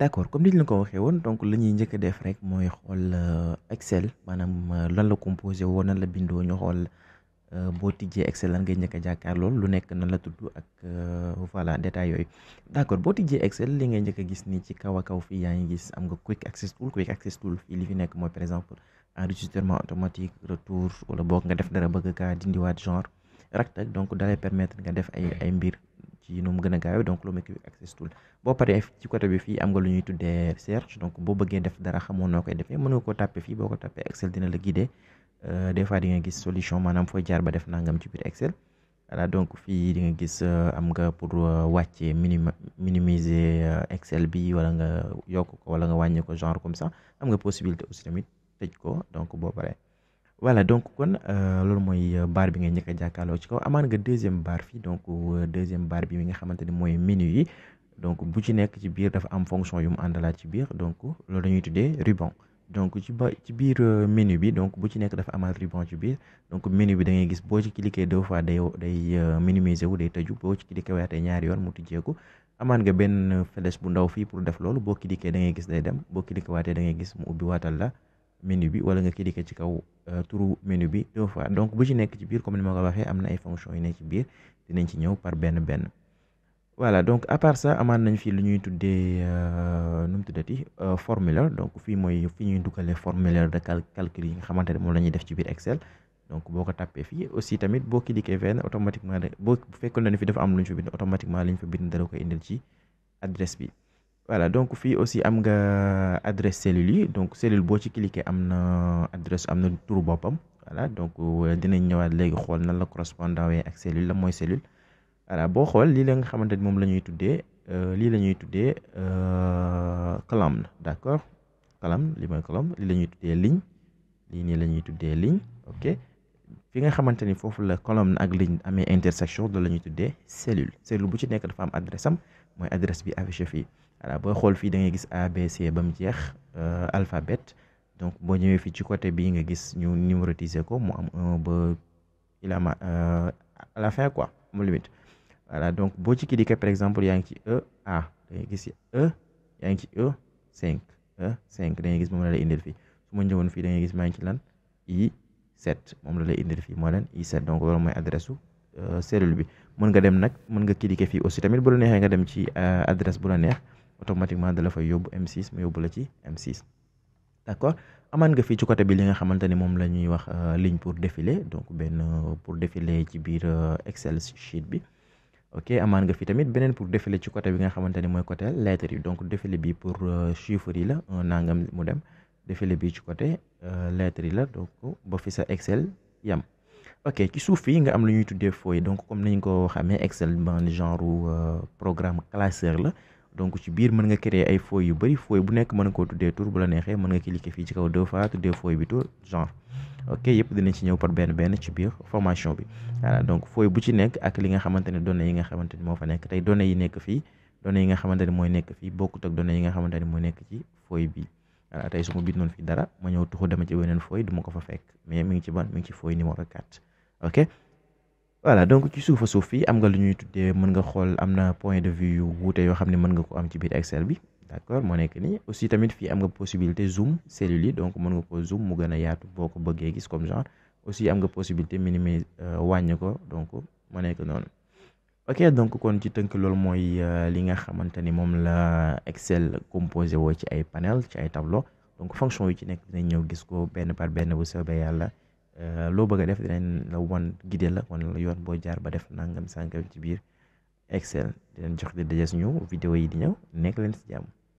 d'accord comme ni ñu leen ko waxee woon donc la ñuy njëkk def rek mooy xool euh, Excel maanaam euh, lan la composé woon nan la bindoo ñu xool euh, boo tijjee Excel lan ngay njëkk a jàkkaarloo lu nekk nan la tudd ak voilà détails yooyu d'accord boo tijjee Excel li ngay njëkk gis nii ci kaw a kaw fii yaa ngi gis am nga quick access tool quick access tool fii li fi nekk mooy par exemple enregistrement automatique retour wala boog nga def dara bëgg kaa dindiwaat genre raktak donc dalay permettre nga def ay ay mbir. ci nu mu gaa a gaawee donc Chrome EQ Access Tool boo paree ci côté bi fii am nga lu ñuy tuddee search donc boo bëggee def dara xamoo noo koy defee mën nga ko tàppe fii boo ko tàppee Excel dina la guider euh, des fois di nga gis solution maanaam fooy jaar ba def nangam ci biir Excel voilà donc fii dinga gis euh, am nga pour euh, wàcce minima minimiser Excel bi wala nga yokk ko wala nga wàññi ko genre comme ça am nga possibilité aussi tamit tëj ko donc boo pare voilà donc kon euh, loolu mooy euh, baar bi nga njëkk a jàkkaarloo ci kaw amaan nga deuxième baar fii donc euh, deuxième baar bi mi nga xamante ni mooy menu yi donc bu ci nekk ci biir dafa am fonction yu mu àndalaat ci biir donc loolu dañuy tuddee ruban donc ci ba ci biir menu bi donc bu ci nekk dafa amaat ruban ci biir donc menu bi dangay gis boo ci cliquer deux fois day day minimiser wu day tëju boo ci cliquer waatee ñaari yoon mu tijjeeku amaan nga benn flèche bu ndaw fii pour def loolu boo cliquer da ngay gis day dem boo cliquer waatee dangay gis mu ubbi waatal la menu bi wala nga cliqué ci kaw euh, turu menu bi deux fois donc bu ci nekk ci biir comme ni ma ko waxee am na ay fonctions yu nekk ci biir dinañ ci ñëw par benn benn voilà donc à part ça amaan nañ fii lu ñuy tuddee euh, nu mu tuddati euh, formulaire donc fii mooy fi ñuy dugalee formulaire de calcul yi nga xamante ne moom la def ci biir Excel donc boo ko tàppee fii aussi tamit boo cliqué fenn automatiquement boo fekkoon na ne fi dafa am lu ñu fa bind automatiquement li ñu dara ko indil ci adresse bi. voilà donc fii aussi am nga adresse cellule yi donc cellule boo ci cliquer am na adresse am na tur boppam voilà donc euh, dinañ ñëwaat léegi xool nan la correspondant wee ak cellule la mooy cellule voilà boo xool lii la nga xamante ni moom la ñuy tuddee euh, lii la ñuy tuddee euh, column d'accord column li mooy column lii la ñuy tuddee ligne lii nii la ñuy tuddee ligne ok nga xamante ni foofu la column ak ligne amee intersection loolu la ñuy tuddee cellule cellule bu ci nekk dafa am adresse am mooy adresse bi affiché fii voilà booy xool fii da ngay gis ABC ba mu jeex euh, alphabet donc boo ñëwee fii ci côté bii nga gis ñu numérotiser ko mu am un ba ilama euh, à la fin quoi mu limite voilà donc boo ci cliquer par exemple yaa ngi ci E A da ngay gis E yaa ngi ci E 5 E 5 da ngay gis moom la lay indil fii su ma ñëwoon fii da ngay gis maa ngi ci lan I 7 moom la lay indil fii moo leen I 7 donc loolu mooy adresse su euh, cellule bi mën nga dem nag mën nga cliquer fii aussi tamit bu la neexee nga dem ci adresse bu la neex. automatiquement de la fay yóbbu M6 mu yóbbu la ci M6 d'accord amaan nga fii ci côté bi li nga xamante ni moom la ñuy wax euh, ligne pour défiler donc benn euh, pour défiler ci biir euh, Excel sheet bi ok amaan nga fi tamit beneen pour défiler ci côté bi nga xamante ni mooy côté lettres yi donc défilé bi pour chiffres yi la nangam mu dem défilé bi ci côté lettres yi la donc ba fi sa Excel yam ok ci suuf fii nga am lu ñuy tuddee fooy donc comme nañ ko xamee Excel ban genre programme classeur la donc ci biir mën nga créer ay fooy yu bëri fooy bu nekk mën nga koo tuddee tour bu la neexee mën nga cliquer fii ci kaw deux fois tuddee fooy bi tour genre ok yëpp ci ñëw formation bi voilà donc fooy bu nekk ak li nga xamante ne données yi nga xamante ni moo fa nekk tey données yi nekk fii données yi nga xamante ni mooy nekk fii bokkut ak données yi nga xamante mooy nekk ci fooy bi voilà tey su ma bindoon fii dara ma ñëw tuxu dama ci beneen fooy du ma ko fa fekk mais mi ngi ci ban mi ngi ci fooy numéro 4 ok voilà donc ci suufa suuf yi am nga lu ñuy tuddee mën nga xool am na point de vue yu wuute yoo xam ne mën nga ko am ci biir Excel bi d'accord moo nekk nii aussi tamit fii am nga possibilité zoom cellules yi donc mën nga ko zoom mu gën a yaatu boo ko bëggee gis comme aussi am nga possibilité minimiser euh, wàññi ko donc moo nekk noonu ok donc kon ci tënk loolu mooy euh, li nga xamante ni moom la Excel composé woo ci ay panel ci ay tableau donc fonction yu ci nekk dinañ ñëw gis ko benn par benn bu soobee yàlla Eh, loo bëgg a def dinañ la wan guidé la wan la yoon boo jaar ba def nangam sàngam ci biir Excel dinañ jox di daje suñu vidéo yi di ñëw nekk leen si jàmm